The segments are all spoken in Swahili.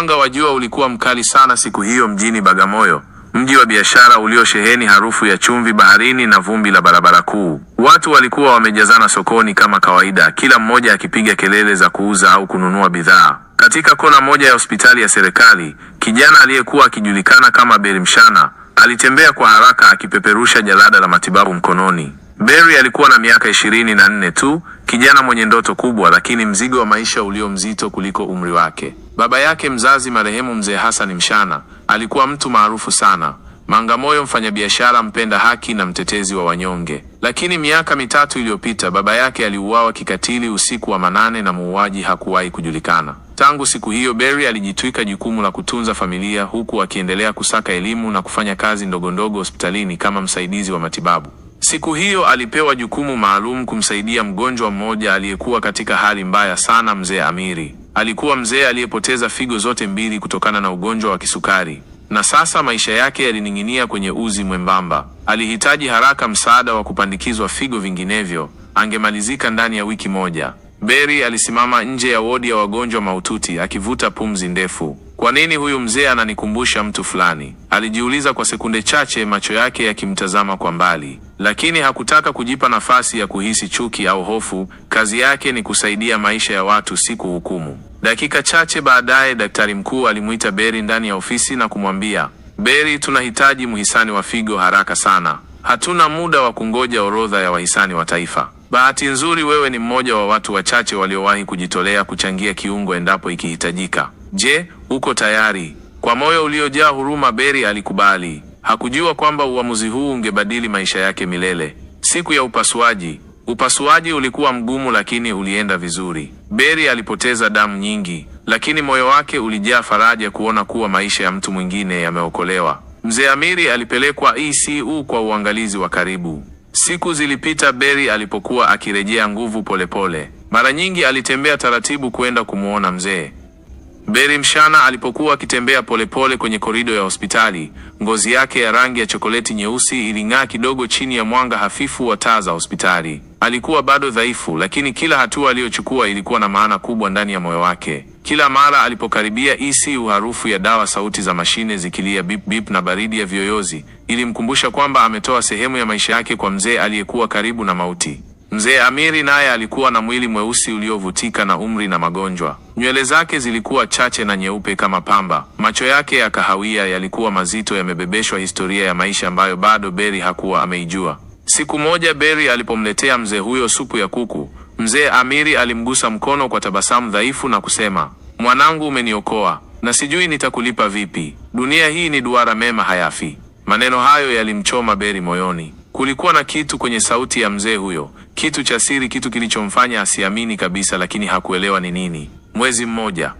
Mwanga wa jua ulikuwa mkali sana siku hiyo mjini Bagamoyo, mji wa biashara uliosheheni harufu ya chumvi baharini na vumbi la barabara kuu. Watu walikuwa wamejazana sokoni kama kawaida, kila mmoja akipiga kelele za kuuza au kununua bidhaa. Katika kona moja ya hospitali ya serikali, kijana aliyekuwa akijulikana kama Berimshana alitembea kwa haraka akipeperusha jalada la matibabu mkononi. Berry alikuwa na miaka ishirini na nne tu, kijana mwenye ndoto kubwa, lakini mzigo wa maisha ulio mzito kuliko umri wake. Baba yake mzazi marehemu Mzee Hassan Mshana alikuwa mtu maarufu sana, Mangamoyo, mfanyabiashara, mpenda haki na mtetezi wa wanyonge. Lakini miaka mitatu iliyopita baba yake aliuawa kikatili usiku wa manane, na muuaji hakuwahi kujulikana. Tangu siku hiyo Berry alijitwika jukumu la kutunza familia, huku akiendelea kusaka elimu na kufanya kazi ndogondogo hospitalini kama msaidizi wa matibabu. Siku hiyo alipewa jukumu maalum kumsaidia mgonjwa mmoja aliyekuwa katika hali mbaya sana, mzee Amiri. Alikuwa mzee aliyepoteza figo zote mbili kutokana na ugonjwa wa kisukari, na sasa maisha yake yalining'inia kwenye uzi mwembamba. Alihitaji haraka msaada wa kupandikizwa figo, vinginevyo angemalizika ndani ya wiki moja. Beri alisimama nje ya wodi ya wagonjwa mahututi akivuta pumzi ndefu. Kwa nini huyu mzee ananikumbusha mtu fulani? Alijiuliza kwa sekunde chache, macho yake yakimtazama kwa mbali, lakini hakutaka kujipa nafasi ya kuhisi chuki au hofu. Kazi yake ni kusaidia maisha ya watu, si kuhukumu. Dakika chache baadaye, daktari mkuu alimwita Beri ndani ya ofisi na kumwambia, Beri, tunahitaji mhisani wa figo haraka sana, hatuna muda wa kungoja orodha ya wahisani wa taifa. Bahati nzuri wewe ni mmoja wa watu wachache waliowahi kujitolea kuchangia kiungo endapo ikihitajika. Je, uko tayari? Kwa moyo uliojaa huruma, Beri alikubali. Hakujua kwamba uamuzi huu ungebadili maisha yake milele. Siku ya upasuaji, upasuaji ulikuwa mgumu lakini ulienda vizuri. Beri alipoteza damu nyingi, lakini moyo wake ulijaa faraja kuona kuwa maisha ya mtu mwingine yameokolewa. Mzee Amiri alipelekwa ICU e kwa uangalizi wa karibu. Siku zilipita. Beri alipokuwa akirejea nguvu polepole, mara nyingi alitembea taratibu kwenda kumwona mzee. Beri mchana alipokuwa akitembea polepole kwenye korido ya hospitali, ngozi yake ya rangi ya chokoleti nyeusi iling'aa kidogo chini ya mwanga hafifu wa taa za hospitali. Alikuwa bado dhaifu, lakini kila hatua aliyochukua ilikuwa na maana kubwa ndani ya moyo wake. Kila mara alipokaribia ECU, harufu ya dawa, sauti za mashine zikilia bip bip na baridi ya viyoyozi ilimkumbusha kwamba ametoa sehemu ya maisha yake kwa mzee aliyekuwa karibu na mauti. Mzee Amiri naye alikuwa na mwili mweusi uliovutika na umri na magonjwa. Nywele zake zilikuwa chache na nyeupe kama pamba. Macho yake ya kahawia yalikuwa mazito, yamebebeshwa historia ya maisha ambayo bado Beri hakuwa ameijua. Siku moja Beri alipomletea mzee huyo supu ya kuku Mzee Amiri alimgusa mkono kwa tabasamu dhaifu na kusema, mwanangu, umeniokoa na sijui nitakulipa vipi. Dunia hii ni duara, mema hayafi. Maneno hayo yalimchoma Beri moyoni. Kulikuwa na kitu kwenye sauti ya mzee huyo, kitu cha siri, kitu kilichomfanya asiamini kabisa, lakini hakuelewa ni nini. Mwezi mmoja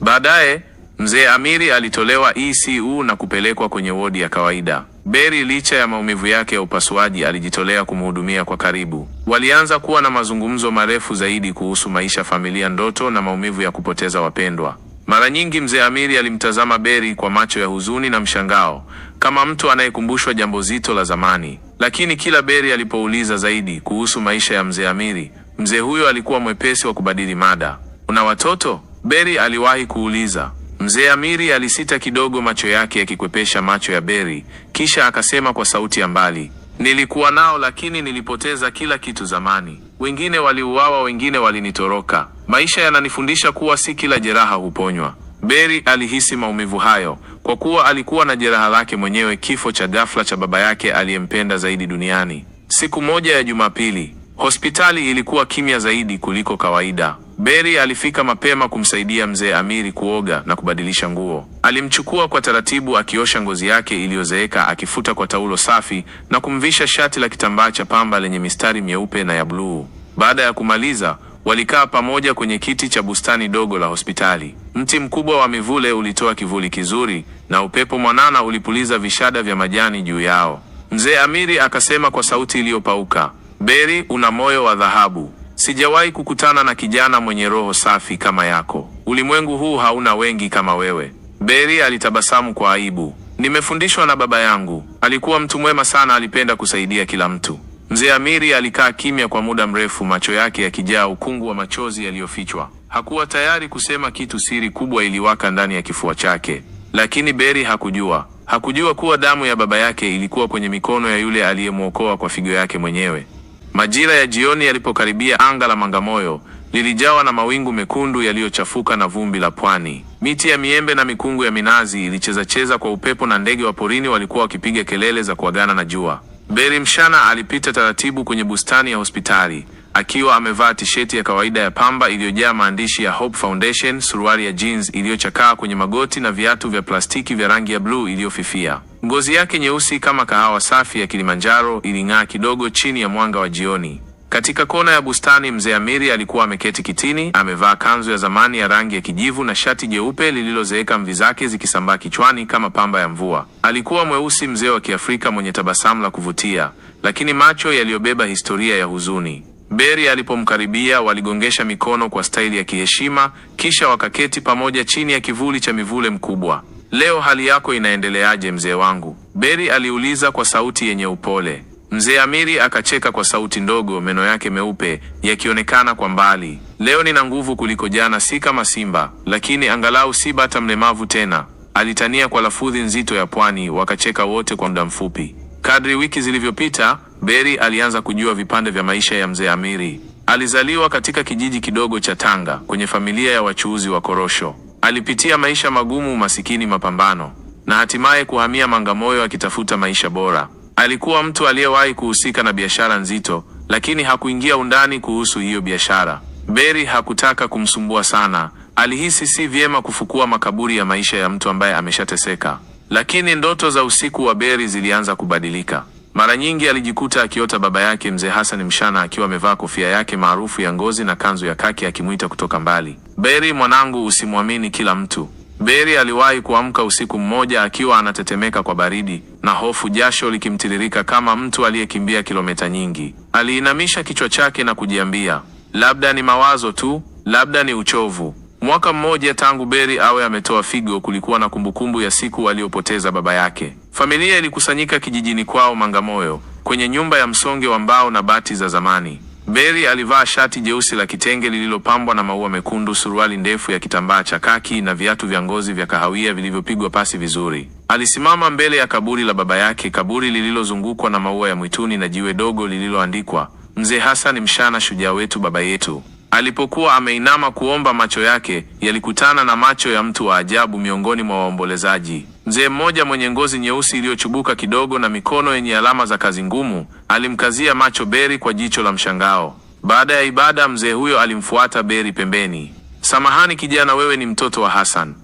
baadaye, mzee Amiri alitolewa ECU na kupelekwa kwenye wodi ya kawaida. Beri licha ya maumivu yake ya upasuaji alijitolea kumhudumia kwa karibu. Walianza kuwa na mazungumzo marefu zaidi kuhusu maisha, familia, ndoto na maumivu ya kupoteza wapendwa. Mara nyingi mzee Amiri alimtazama Beri kwa macho ya huzuni na mshangao, kama mtu anayekumbushwa jambo zito la zamani. Lakini kila Beri alipouliza zaidi kuhusu maisha ya mzee Amiri, mzee huyo alikuwa mwepesi wa kubadili mada. Una watoto? Beri aliwahi kuuliza. Mzee Amiri alisita kidogo, macho yake yakikwepesha macho ya Beri, kisha akasema kwa sauti ya mbali, nilikuwa nao lakini nilipoteza kila kitu zamani. Wengine waliuawa, wengine walinitoroka. Maisha yananifundisha kuwa si kila jeraha huponywa. Beri alihisi maumivu hayo kwa kuwa alikuwa na jeraha lake mwenyewe, kifo cha ghafla cha baba yake aliyempenda zaidi duniani. Siku moja ya Jumapili, hospitali ilikuwa kimya zaidi kuliko kawaida. Beri alifika mapema kumsaidia mzee Amiri kuoga na kubadilisha nguo. Alimchukua kwa taratibu, akiosha ngozi yake iliyozeeka, akifuta kwa taulo safi na kumvisha shati la kitambaa cha pamba lenye mistari myeupe na ya bluu. Baada ya kumaliza, walikaa pamoja kwenye kiti cha bustani dogo la hospitali. Mti mkubwa wa mivule ulitoa kivuli kizuri na upepo mwanana ulipuliza vishada vya majani juu yao. Mzee Amiri akasema kwa sauti iliyopauka, Beri, una moyo wa dhahabu. Sijawahi kukutana na kijana mwenye roho safi kama yako. Ulimwengu huu hauna wengi kama wewe. Beri alitabasamu kwa aibu. Nimefundishwa na baba yangu, alikuwa mtu mwema sana, alipenda kusaidia kila mtu. Mzee Amiri alikaa kimya kwa muda mrefu, macho yake yakijaa ukungu wa machozi yaliyofichwa. Hakuwa tayari kusema kitu, siri kubwa iliwaka ndani ya kifua chake. Lakini Beri hakujua, hakujua kuwa damu ya baba yake ilikuwa kwenye mikono ya yule aliyemwokoa kwa figo yake mwenyewe. Majira ya jioni yalipokaribia, anga la Mangamoyo lilijawa na mawingu mekundu yaliyochafuka na vumbi la pwani. Miti ya miembe na mikungu ya minazi ilichezacheza kwa upepo na ndege wa porini walikuwa wakipiga kelele za kuagana na jua. Beri Mshana alipita taratibu kwenye bustani ya hospitali akiwa amevaa tisheti ya kawaida ya pamba iliyojaa maandishi ya Hope Foundation, suruali ya jeans iliyochakaa kwenye magoti na viatu vya plastiki vya rangi ya bluu iliyofifia. Ngozi yake nyeusi kama kahawa safi ya Kilimanjaro iling'aa kidogo chini ya mwanga wa jioni. Katika kona ya bustani, mzee Amiri alikuwa ameketi kitini, amevaa kanzu ya zamani ya rangi ya kijivu na shati jeupe lililozeeka, mvi zake zikisambaa kichwani kama pamba ya mvua. Alikuwa mweusi, mzee wa Kiafrika mwenye tabasamu la kuvutia, lakini macho yaliyobeba historia ya huzuni. Beri alipomkaribia waligongesha mikono kwa staili ya kiheshima, kisha wakaketi pamoja chini ya kivuli cha mivule mkubwa. Leo hali yako inaendeleaje mzee wangu? Beri aliuliza kwa sauti yenye upole. Mzee Amiri akacheka kwa sauti ndogo, meno yake meupe yakionekana kwa mbali. Leo nina nguvu kuliko jana, si kama simba, lakini angalau si bata mlemavu tena, alitania kwa lafudhi nzito ya pwani. Wakacheka wote kwa muda mfupi. Kadri wiki zilivyopita, Beri alianza kujua vipande vya maisha ya mzee Amiri. Alizaliwa katika kijiji kidogo cha Tanga kwenye familia ya wachuuzi wa korosho. Alipitia maisha magumu, masikini mapambano na hatimaye kuhamia Mangamoyo akitafuta maisha bora. Alikuwa mtu aliyewahi kuhusika na biashara nzito, lakini hakuingia undani kuhusu hiyo biashara. Beri hakutaka kumsumbua sana, alihisi si vyema kufukua makaburi ya maisha ya mtu ambaye ameshateseka. Lakini ndoto za usiku wa Beri zilianza kubadilika. Mara nyingi alijikuta akiota baba yake mzee Hassan mshana akiwa amevaa kofia yake maarufu ya ngozi na kanzu ya kaki akimwita kutoka mbali, Beri mwanangu, usimwamini kila mtu. Beri aliwahi kuamka usiku mmoja akiwa anatetemeka kwa baridi na hofu, jasho likimtiririka kama mtu aliyekimbia kilomita nyingi. Aliinamisha kichwa chake na kujiambia, labda ni mawazo tu, labda ni uchovu. Mwaka mmoja tangu Beri awe ametoa figo, kulikuwa na kumbukumbu ya siku aliyopoteza baba yake. Familia ilikusanyika kijijini kwao Mangamoyo, kwenye nyumba ya msonge wa mbao na bati za zamani. Beri alivaa shati jeusi la kitenge lililopambwa na maua mekundu, suruali ndefu ya kitambaa cha kaki na viatu vya ngozi vya kahawia vilivyopigwa pasi vizuri. Alisimama mbele ya kaburi la baba yake, kaburi lililozungukwa na maua ya mwituni na jiwe dogo lililoandikwa Mzee Hassan, mshana shujaa wetu, baba yetu. Alipokuwa ameinama kuomba, macho yake yalikutana na macho ya mtu wa ajabu miongoni mwa waombolezaji. Mzee mmoja mwenye ngozi nyeusi iliyochubuka kidogo na mikono yenye alama za kazi ngumu alimkazia macho Beri kwa jicho la mshangao. Baada ya ibada, mzee huyo alimfuata Beri pembeni. Samahani kijana, wewe ni mtoto wa Hassan?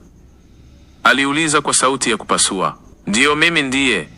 aliuliza kwa sauti ya kupasua. Ndiyo, mimi ndiye,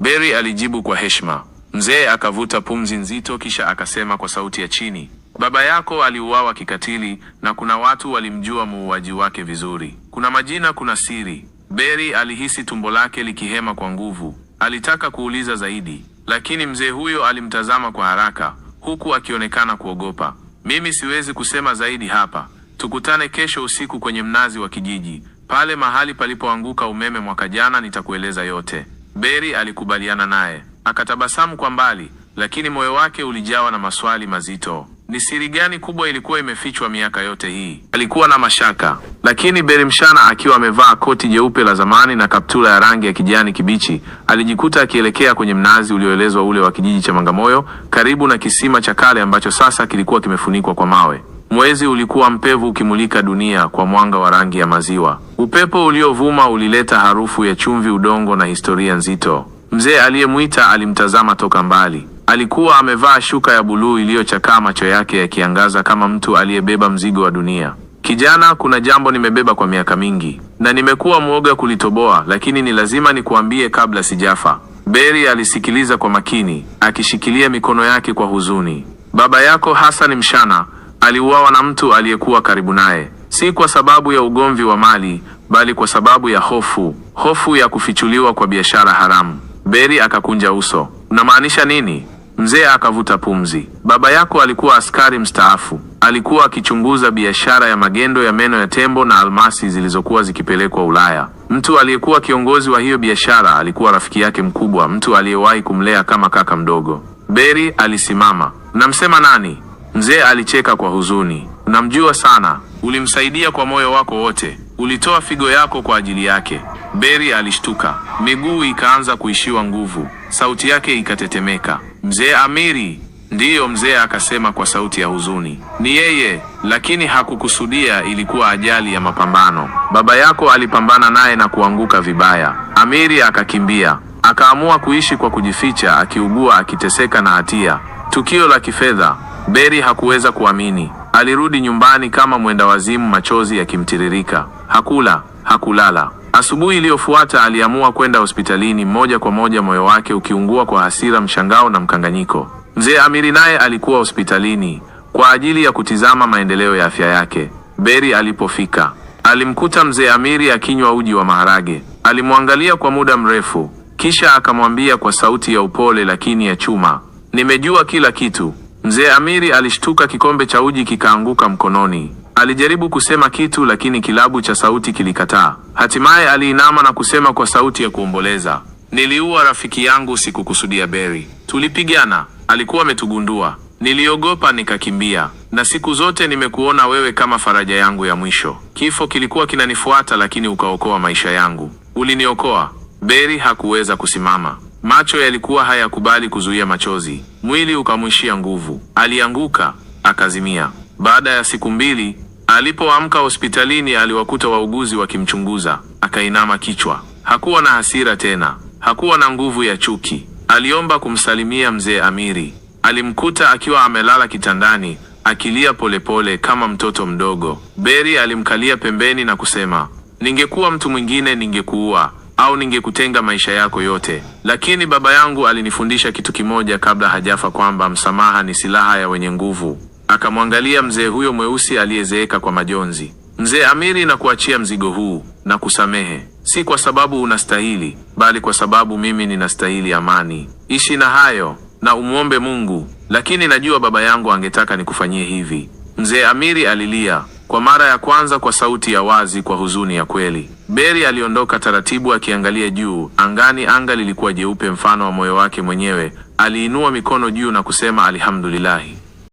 Beri alijibu kwa heshima. Mzee akavuta pumzi nzito, kisha akasema kwa sauti ya chini Baba yako aliuawa kikatili na kuna watu walimjua muuaji wake vizuri. Kuna majina, kuna siri. Beri alihisi tumbo lake likihema kwa nguvu. Alitaka kuuliza zaidi, lakini mzee huyo alimtazama kwa haraka huku akionekana kuogopa. Mimi siwezi kusema zaidi hapa. Tukutane kesho usiku kwenye mnazi wa kijiji, pale mahali palipoanguka umeme mwaka jana, nitakueleza yote. Beri alikubaliana naye, akatabasamu kwa mbali, lakini moyo wake ulijawa na maswali mazito. Ni siri gani kubwa ilikuwa imefichwa miaka yote hii? Alikuwa na mashaka, lakini Berimshana akiwa amevaa koti jeupe la zamani na kaptula ya rangi ya kijani kibichi, alijikuta akielekea kwenye mnazi ulioelezwa ule wa kijiji cha Mangamoyo, karibu na kisima cha kale ambacho sasa kilikuwa kimefunikwa kwa mawe. Mwezi ulikuwa mpevu ukimulika dunia kwa mwanga wa rangi ya maziwa. Upepo uliovuma ulileta harufu ya chumvi, udongo na historia nzito. Mzee aliyemwita alimtazama toka mbali. Alikuwa amevaa shuka ya buluu iliyochakaa, macho yake yakiangaza kama mtu aliyebeba mzigo wa dunia. Kijana, kuna jambo nimebeba kwa miaka mingi na nimekuwa mwoga kulitoboa, lakini ni lazima nikuambie kabla sijafa. Beri alisikiliza kwa makini, akishikilia mikono yake kwa huzuni. Baba yako Hassan Mshana aliuawa na mtu aliyekuwa karibu naye, si kwa sababu ya ugomvi wa mali, bali kwa sababu ya hofu, hofu ya kufichuliwa kwa biashara haramu. Beri akakunja uso. Unamaanisha nini? Mzee akavuta pumzi. Baba yako alikuwa askari mstaafu, alikuwa akichunguza biashara ya magendo ya meno ya tembo na almasi zilizokuwa zikipelekwa Ulaya. Mtu aliyekuwa kiongozi wa hiyo biashara alikuwa rafiki yake mkubwa, mtu aliyewahi kumlea kama kaka mdogo. Beri alisimama. Namsema nani? Mzee alicheka kwa huzuni. Namjua sana, ulimsaidia kwa moyo wako wote, ulitoa figo yako kwa ajili yake. Beri alishtuka, miguu ikaanza kuishiwa nguvu, sauti yake ikatetemeka. Mzee Amiri? Ndiyo, mzee akasema kwa sauti ya huzuni. Ni yeye, lakini hakukusudia. Ilikuwa ajali ya mapambano. Baba yako alipambana naye na kuanguka vibaya. Amiri akakimbia, akaamua kuishi kwa kujificha, akiugua, akiteseka na hatia. Tukio la kifedha. Beri hakuweza kuamini. Alirudi nyumbani kama mwenda wazimu, machozi yakimtiririka. Hakula, hakulala. Asubuhi iliyofuata aliamua kwenda hospitalini moja kwa moja, moyo wake ukiungua kwa hasira, mshangao na mkanganyiko. Mzee Amiri naye alikuwa hospitalini kwa ajili ya kutizama maendeleo ya afya yake. Beri alipofika, alimkuta mzee Amiri akinywa uji wa maharage. Alimwangalia kwa muda mrefu, kisha akamwambia kwa sauti ya upole lakini ya chuma, nimejua kila kitu. Mzee Amiri alishtuka, kikombe cha uji kikaanguka mkononi. Alijaribu kusema kitu, lakini kilabu cha sauti kilikataa. Hatimaye aliinama na kusema kwa sauti ya kuomboleza, niliua rafiki yangu, sikukusudia Beri, tulipigana, alikuwa ametugundua, niliogopa nikakimbia, na siku zote nimekuona wewe kama faraja yangu ya mwisho. Kifo kilikuwa kinanifuata, lakini ukaokoa maisha yangu, uliniokoa. Beri hakuweza kusimama. Macho yalikuwa hayakubali kuzuia machozi, mwili ukamwishia nguvu. Alianguka akazimia. Baada ya siku mbili, alipoamka hospitalini, aliwakuta wauguzi wakimchunguza. Akainama kichwa, hakuwa na hasira tena, hakuwa na nguvu ya chuki. Aliomba kumsalimia mzee Amiri. Alimkuta akiwa amelala kitandani akilia polepole kama mtoto mdogo. Beri alimkalia pembeni na kusema, ningekuwa mtu mwingine ningekuua au ningekutenga maisha yako yote. Lakini baba yangu alinifundisha kitu kimoja kabla hajafa, kwamba msamaha ni silaha ya wenye nguvu. Akamwangalia mzee huyo mweusi aliyezeeka kwa majonzi. Mzee Amiri, na kuachia mzigo huu na kusamehe, si kwa sababu unastahili, bali kwa sababu mimi ninastahili amani. Ishi na hayo na umwombe Mungu, lakini najua baba yangu angetaka nikufanyie hivi. Mzee Amiri alilia kwa mara ya kwanza kwa sauti ya wazi, kwa huzuni ya kweli. Beri aliondoka taratibu akiangalia juu angani. Anga lilikuwa jeupe mfano wa moyo wake mwenyewe. Aliinua mikono juu na kusema alhamdulillahi.